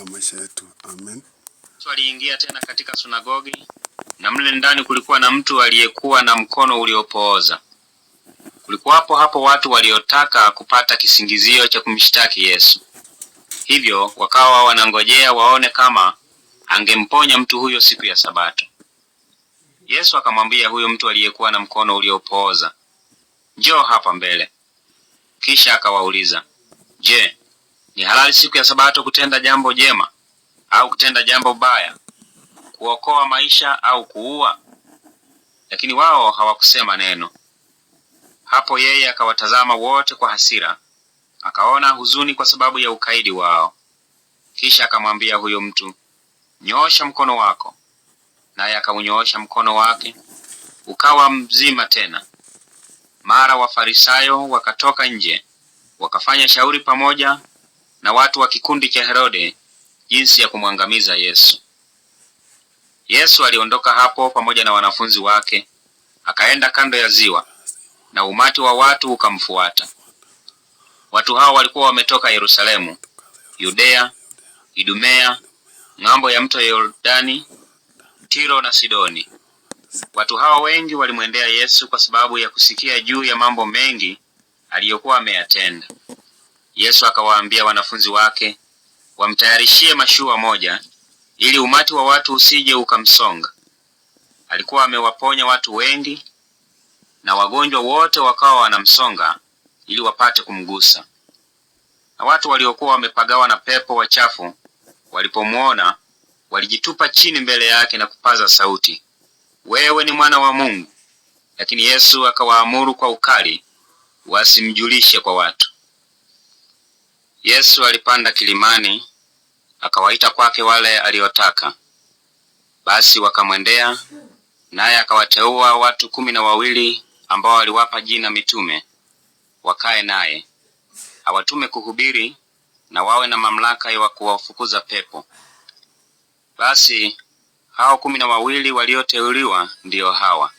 katika maisha yetu. Amen. Mtu aliingia tena katika sunagogi, na mle ndani kulikuwa na mtu aliyekuwa na mkono uliopooza. Kulikuwapo hapo watu waliotaka kupata kisingizio cha kumshtaki Yesu, hivyo wakawa wanangojea waone kama angemponya mtu huyo siku ya Sabato. Yesu akamwambia huyo mtu aliyekuwa na mkono uliopooza, njoo hapa mbele. Kisha akawauliza, je, ni halali siku ya Sabato kutenda jambo jema au kutenda jambo baya, kuokoa maisha au kuua? Lakini wao hawakusema neno. Hapo yeye akawatazama wote kwa hasira, akaona huzuni kwa sababu ya ukaidi wao. Kisha akamwambia huyo mtu, nyoosha mkono wako. Naye akaunyoosha mkono wake, ukawa mzima tena. Mara Wafarisayo wakatoka nje, wakafanya shauri pamoja na watu wa kikundi cha Herode jinsi ya kumwangamiza Yesu. Yesu aliondoka hapo pamoja na wanafunzi wake akaenda kando ya ziwa, na umati wa watu ukamfuata. Watu hao walikuwa wametoka Yerusalemu, Yudea, Idumea, ng'ambo ya mto Yordani, Tiro na Sidoni. Watu hao wengi walimwendea Yesu kwa sababu ya kusikia juu ya mambo mengi aliyokuwa ameyatenda. Yesu akawaambia wanafunzi wake, wamtayarishie mashua moja, ili umati wa watu usije ukamsonga. Alikuwa amewaponya watu wengi, na wagonjwa wote wakawa wanamsonga ili wapate kumgusa. Na watu waliokuwa wamepagawa na pepo wachafu walipomwona walijitupa chini mbele yake na kupaza sauti, wewe ni mwana wa Mungu. Lakini Yesu akawaamuru kwa ukali wasimjulishe kwa watu. Yesu alipanda kilimani akawaita kwake wale aliotaka. Basi wakamwendea, naye akawateua watu kumi na wawili ambao aliwapa jina mitume, wakae naye awatume kuhubiri na wawe na mamlaka ya kuwafukuza pepo. Basi hao kumi na wawili walioteuliwa ndiyo hawa: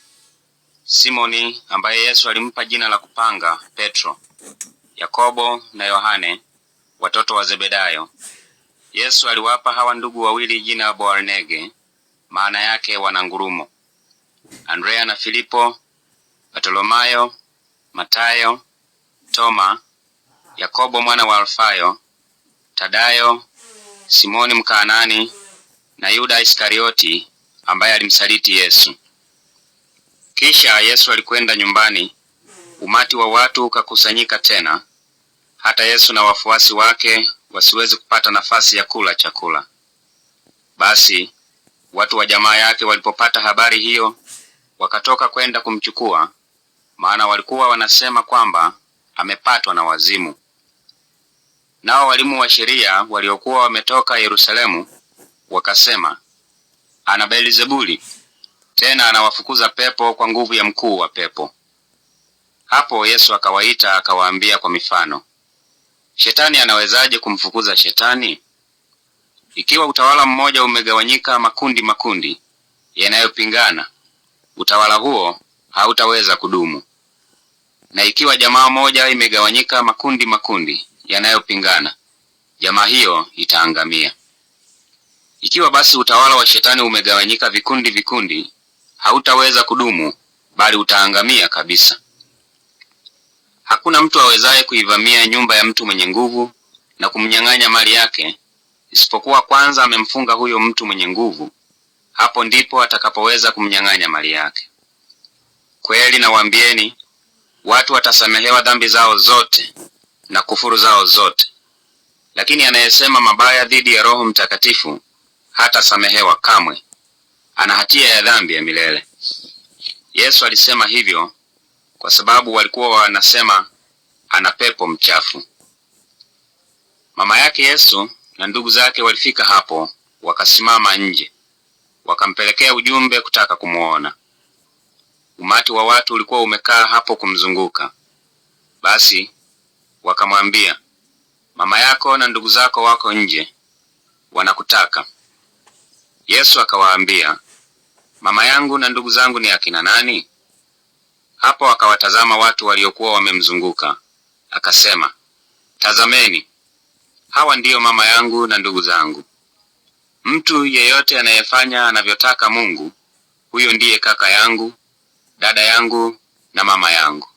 Simoni ambaye Yesu alimpa jina la kupanga Petro, Yakobo na Yohane watoto wa Zebedayo. Yesu aliwapa hawa ndugu wawili jina Boanerge, maana yake wanangurumo: Andrea na Filipo, Bartolomayo, Matayo, Toma, Yakobo mwana wa Alfayo, Tadayo, Simoni Mkaanani na Yuda Iskarioti ambaye alimsaliti Yesu. Kisha Yesu alikwenda nyumbani, umati wa watu ukakusanyika tena, hata Yesu na wafuasi wake wasiwezi kupata nafasi ya kula chakula. Basi watu wa jamaa yake walipopata habari hiyo, wakatoka kwenda kumchukua, maana walikuwa wanasema kwamba amepatwa na wazimu. Nao walimu wa sheria waliokuwa wametoka Yerusalemu wakasema, ana Beelzebuli, tena anawafukuza pepo kwa nguvu ya mkuu wa pepo. Hapo Yesu akawaita akawaambia kwa mifano Shetani anawezaje kumfukuza shetani? Ikiwa utawala mmoja umegawanyika makundi makundi yanayopingana, utawala huo hautaweza kudumu. Na ikiwa jamaa moja imegawanyika makundi makundi yanayopingana, jamaa hiyo itaangamia. Ikiwa basi utawala wa shetani umegawanyika vikundi vikundi, hautaweza kudumu, bali utaangamia kabisa. Hakuna mtu awezaye kuivamia nyumba ya mtu mwenye nguvu na kumnyang'anya mali yake, isipokuwa kwanza amemfunga huyo mtu mwenye nguvu. Hapo ndipo atakapoweza kumnyang'anya mali yake. Kweli nawaambieni, watu watasamehewa dhambi zao zote na kufuru zao zote, lakini anayesema mabaya dhidi ya Roho Mtakatifu hatasamehewa kamwe, ana hatia ya dhambi ya milele. Yesu alisema hivyo kwa sababu walikuwa wanasema ana pepo mchafu. Mama yake Yesu na ndugu zake walifika hapo, wakasimama nje, wakampelekea ujumbe kutaka kumuona. Umati wa watu ulikuwa umekaa hapo kumzunguka. Basi wakamwambia, mama yako na ndugu zako wako nje, wanakutaka. Yesu akawaambia, mama yangu na ndugu zangu ni akina nani? Hapo akawatazama watu waliokuwa wamemzunguka, akasema, tazameni, hawa ndiyo mama yangu na ndugu zangu. Mtu yeyote anayefanya anavyotaka Mungu, huyo ndiye kaka yangu, dada yangu na mama yangu.